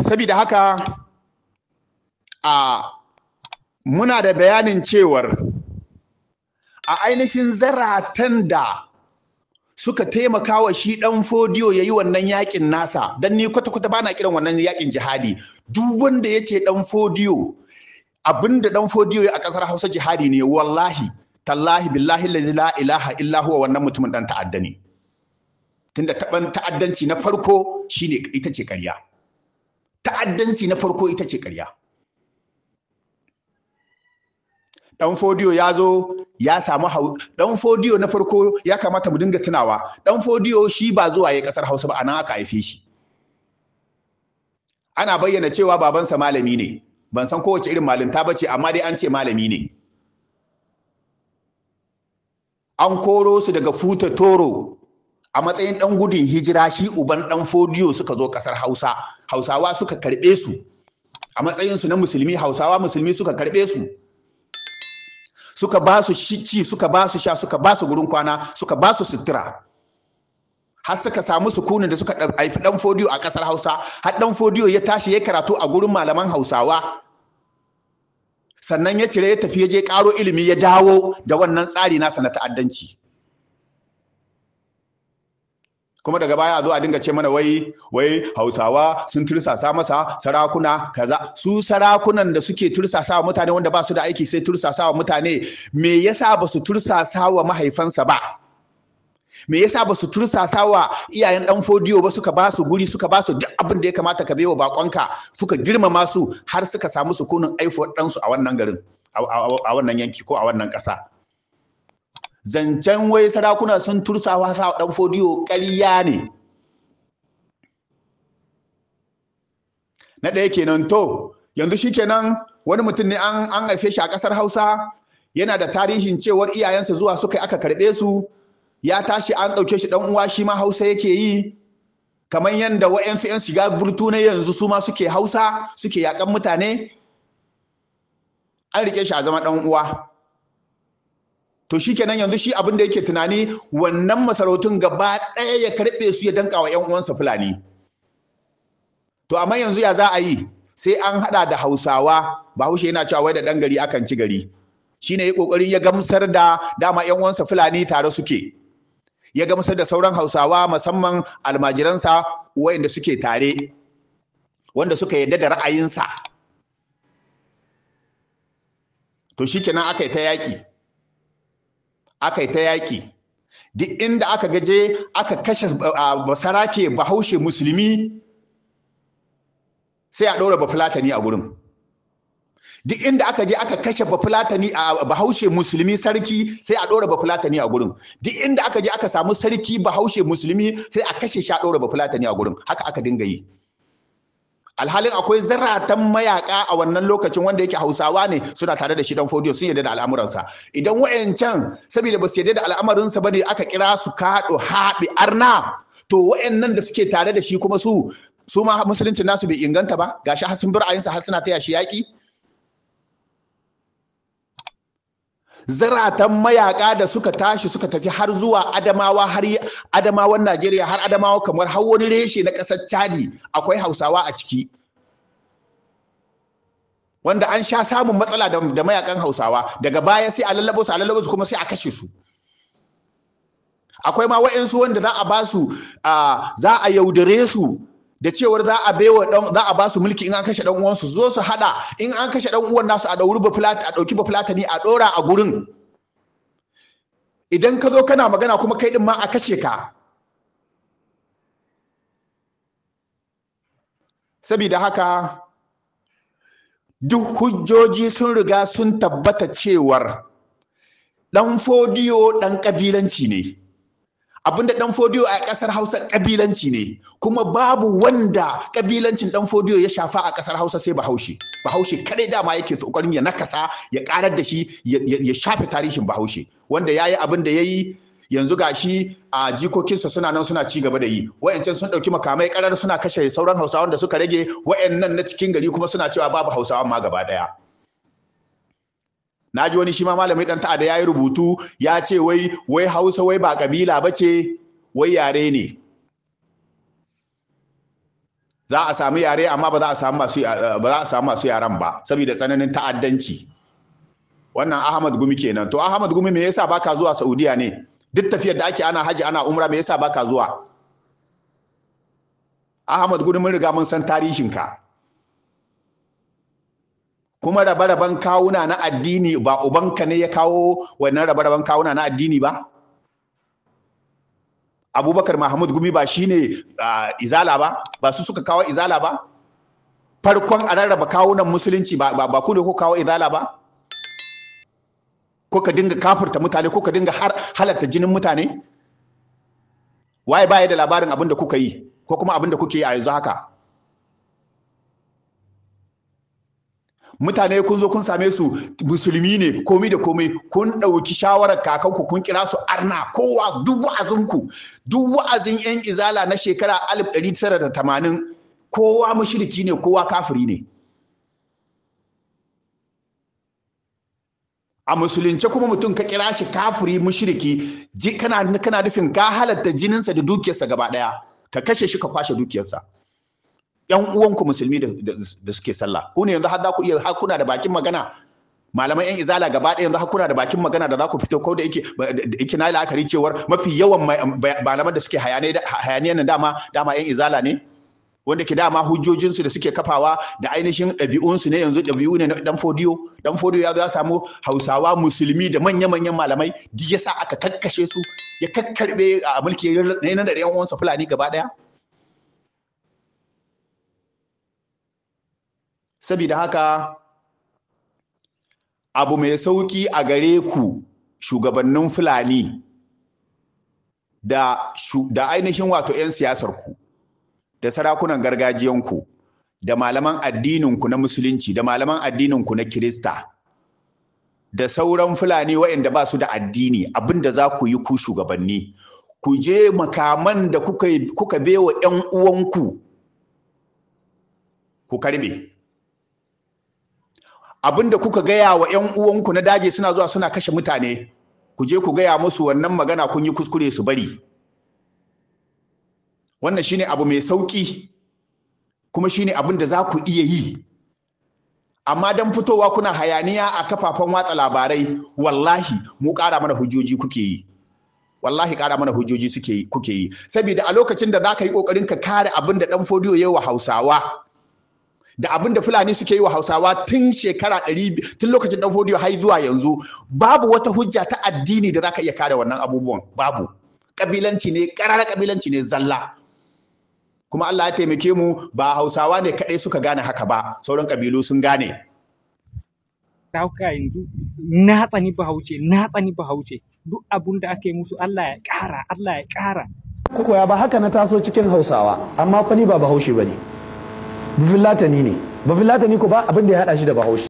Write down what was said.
sabida haka a muna da bayanin cewar a ainihin zaratan da suka taimaka wa shi ɗan fodiyo ya yi wannan yakin nasa don ni kwata-kwata ba na kiran wannan yakin jihadi duk wanda ya ce ɗan fodiyo abinda ɗan fodiyo ya a ƙasar hausa jihadi ne wallahi tallahi billahi la ilaha illa huwa wannan mutumin ɗan ta'adda ne tunda taɓan ta'addanci na farko shine ita ce karya ta'addanci na farko ita ce ƙarya dan fodiyo ya zo ya samu hau dan fodiyo na farko ya kamata mu dinga tunawa Ɗan fodiyo shi ba zuwa ya ƙasar Hausa ba anan aka haife shi ana bayyana cewa babansa malami ne ban san kowace irin malinta bace amma dai an ce malami ne an koro su daga futa toro a matsayin ɗan gudun hijira shi uban ɗan fodiyo suka zo ƙasar hausa hausawa suka karɓe su a matsayinsu na musulmi hausawa musulmi suka karɓe su suka ba su ci suka ba su sha suka ba su gurin kwana suka ba su sutura har suka samu sukunin da suka haifi ɗan fodiyo a ƙasar hausa har ɗan fodiyo ya tashi ya karatu a gurin malaman hausawa sannan ya cire ya tafi ya je ƙaro ilimi ya dawo da wannan tsari nasa na ta'addanci kuma daga baya a zo a dinga ce mana wai wai hausawa sun tursasa masa sarakuna kaza su sarakunan da suke tursasa wa mutane wanda ba su da aiki sai tursasa wa mutane me yasa ba su tursasa wa mahaifansa ba me yasa ba su tursasa wa iyayen dan fodiyo ba suka ba su guri suka ba su duk abin da ya kamata ka baiwa bakonka suka girmama su har suka samu sukunin aifo ɗansu a wannan garin a wannan yanki ko a wannan kasa zancen wai sarakuna sun tursawa sa dan fodiyo ƙarya ne na ɗaya kenan to yanzu shikenan wani mutum ne an an haife shi a ƙasar Hausa yana da tarihin cewar iyayensa zuwa suka aka karɓe su ya tashi an ɗauke shi ɗan uwa shi ma Hausa yake yi kamar yadda wa'yansu 'yan shiga burtu na yanzu su ma suke Hausa suke yaƙan mutane an riƙe shi a zama ɗan uwa to shi kenan yanzu shi abin da yake tunani wannan masarautun gaba ɗaya ya karɓe su ya danka wa 'yan uwansa fulani to amma yanzu ya za a yi sai an haɗa da hausawa bahaushe yana cewa wai da ɗan gari akan ci gari shine ya ƙoƙarin ya gamsar da dama ƴan uwansa fulani tare suke ya gamsar da sauran hausawa musamman almajiransa wayanda suke tare wanda suka yarda da ra'ayinsa to shikenan aka yi ta yaki. aka yi ta yaƙi duk inda aka gaje aka kashe basarake bahaushe musulmi sai a ɗora bafulatani a gurin duk inda aka je aka kashe bafulatani a bahaushe musulmi sarki sai a ɗora bafulatani a gurin duk inda aka je aka samu sarki bahaushe musulmi sai a kashe shi a ɗora bafulatani a gurin haka aka dinga yi alhalin akwai zaratan mayaka a wannan lokacin wanda yake hausawa ne suna tare da shi dan fodiyo sun yarda da al'amuransa idan wayancan saboda ba su yarda da al'amarinsa ba ne aka kira su kaɗo haɓe arna to wayannan da suke tare da shi kuma su su ma musulunci nasu bai inganta ba gashi har sun bir har suna taya shi yaƙi zaratan mayaka da suka tashi suka tafi har zuwa adamawa har adamawan najeriya har adamawa kamar har wani reshe na ƙasar chadi akwai hausawa a ciki wanda an sha samun matsala da mayakan hausawa daga baya sai a lallabo su a lallabo su kuma sai a kashe su akwai ma wa'insu wanda za a ba su za a yaudare su da cewar za a baiwa dan za a ba su mulki in an kashe dan uwansu zo su hada in an kashe dan uwan nasu a dauri ba a dauki ba ne a dora a gurin idan ka zo kana magana kuma kai din ma a kashe ka saboda haka duk hujjoji sun riga sun tabbata cewar dan fodiyo dan kabilanci ne abinda dan fodiyo a kasar Hausa kabilanci ne kuma babu wanda kabilancin dan fodiyo ya shafa a kasar Hausa sai Bahaushe Bahaushe kadai dama yake kokarin ya nakasa ya karar da shi ya shafe tarihin Bahaushe wanda yayi abin da yayi yanzu gashi a jikokinsa suna nan suna ci gaba da yi wayancan sun dauki makamai karar suna kashe sauran Hausawan da suka rage wayannan na cikin gari kuma suna cewa babu Hausawa ma gaba daya na ji wani shi ma malamai dan ta'ada ya yi rubutu ya ce wai wai hausa wai ba kabila ba ce wai yare ne za a sami yare amma ba za a samu masu ba za a samu masu yaran ba saboda tsananin ta'addanci wannan Ahmad Gumi kenan to Ahmad Gumi me yasa baka zuwa Saudiya ne duk tafiyar da ake ana haji ana umra me yasa baka zuwa Ahmad Gumi mun riga mun san tarihinka kuma rabe-raben kawuna na addini ba ubanka ne ya kawo wannan rabe-raben kawuna na addini ba abubakar mahmud gumi ba shine izala ba ba su suka kawo izala ba farkon a rarraba kawunan musulunci ba ba ku ne ku kawo izala ba ko ka dinga kafurta mutane ko ka dinga halatta jinin mutane waye baya da labarin abin da kuka yi ko kuma abin da kuke yi a yanzu haka mutane kun zo kun same su musulmi ne komai da komai kun ɗauki shawarar kakanku kun kira su arna kowa duk wa'azinku duk wa'azin yan izala na shekara 1980 kowa mashiriki ne kowa kafiri ne a musulunce kuma mutum ka kira shi kafiri mushriki kana kana nufin ka halatta jininsa da dukiyarsa gaba daya ka kashe shi ka kwashe dukiyarsa yan uwanku musulmi da suke sallah ku ne yanzu har za ku iya har kuna da bakin magana malaman yan izala gaba ɗaya yanzu har kuna da bakin magana da za ku fito ko da yake yake na la'akari cewar mafi yawan malaman da suke hayaniya nan dama dama yan izala ne wanda ke dama hujjojinsu da suke kafawa da ainihin ɗabi'unsu ne yanzu ɗabi'u ne na ɗan fodiyo ɗan fodiyo ya zo ya samu hausawa musulmi da manya-manyan malamai duk ya sa aka kakkashe su ya kakkarɓe a mulki na da yan uwansa fulani gaba ɗaya saboda haka abu mai sauki a gare ku shugabannin fulani da, ainihin wato 'yan siyasarku da sarakunan gargajiyanku da malaman addininku na musulunci da malaman addininku na kirista da sauran fulani waɗanda ba su da addini abinda za ku yi ku shugabanni ku je makaman da kuka, kuka bewa 'yan uwanku ku karbe Abin da kuka gaya wa ƴan uwanku na daji suna zuwa suna kashe mutane ku je ku gaya musu wannan magana kun yi kuskure su bari wannan shine abu mai sauki kuma shine abin da za ku iya yi amma dan fitowa kuna hayaniya a kafafen watsa labarai wallahi mu ƙara mana hujjoji kuke yi wallahi ƙara mana hujjoji kuke yi saboda a lokacin da za ka yi kokarin ka kare abin da dan fodiyo yayi wa Hausawa da abin da fulani suke yi wa hausawa tun shekara ɗari tun lokacin ɗan fodiyo har zuwa yanzu babu wata hujja ta addini da za ka iya kare wannan abubuwan babu kabilanci ne kabilanci ne zalla kuma Allah ya taimake mu ba hausawa ne kadai suka gane haka ba sauran kabilu sun gane dauka yanzu na tsani bahauce duk abun da ake musu Allah ya kara Allah ya kara ya ba haka na taso cikin hausawa amma fa ni ba bahaushe bane bufin latani ne bufin latani ko ba abin da ya hada shi da bahaushe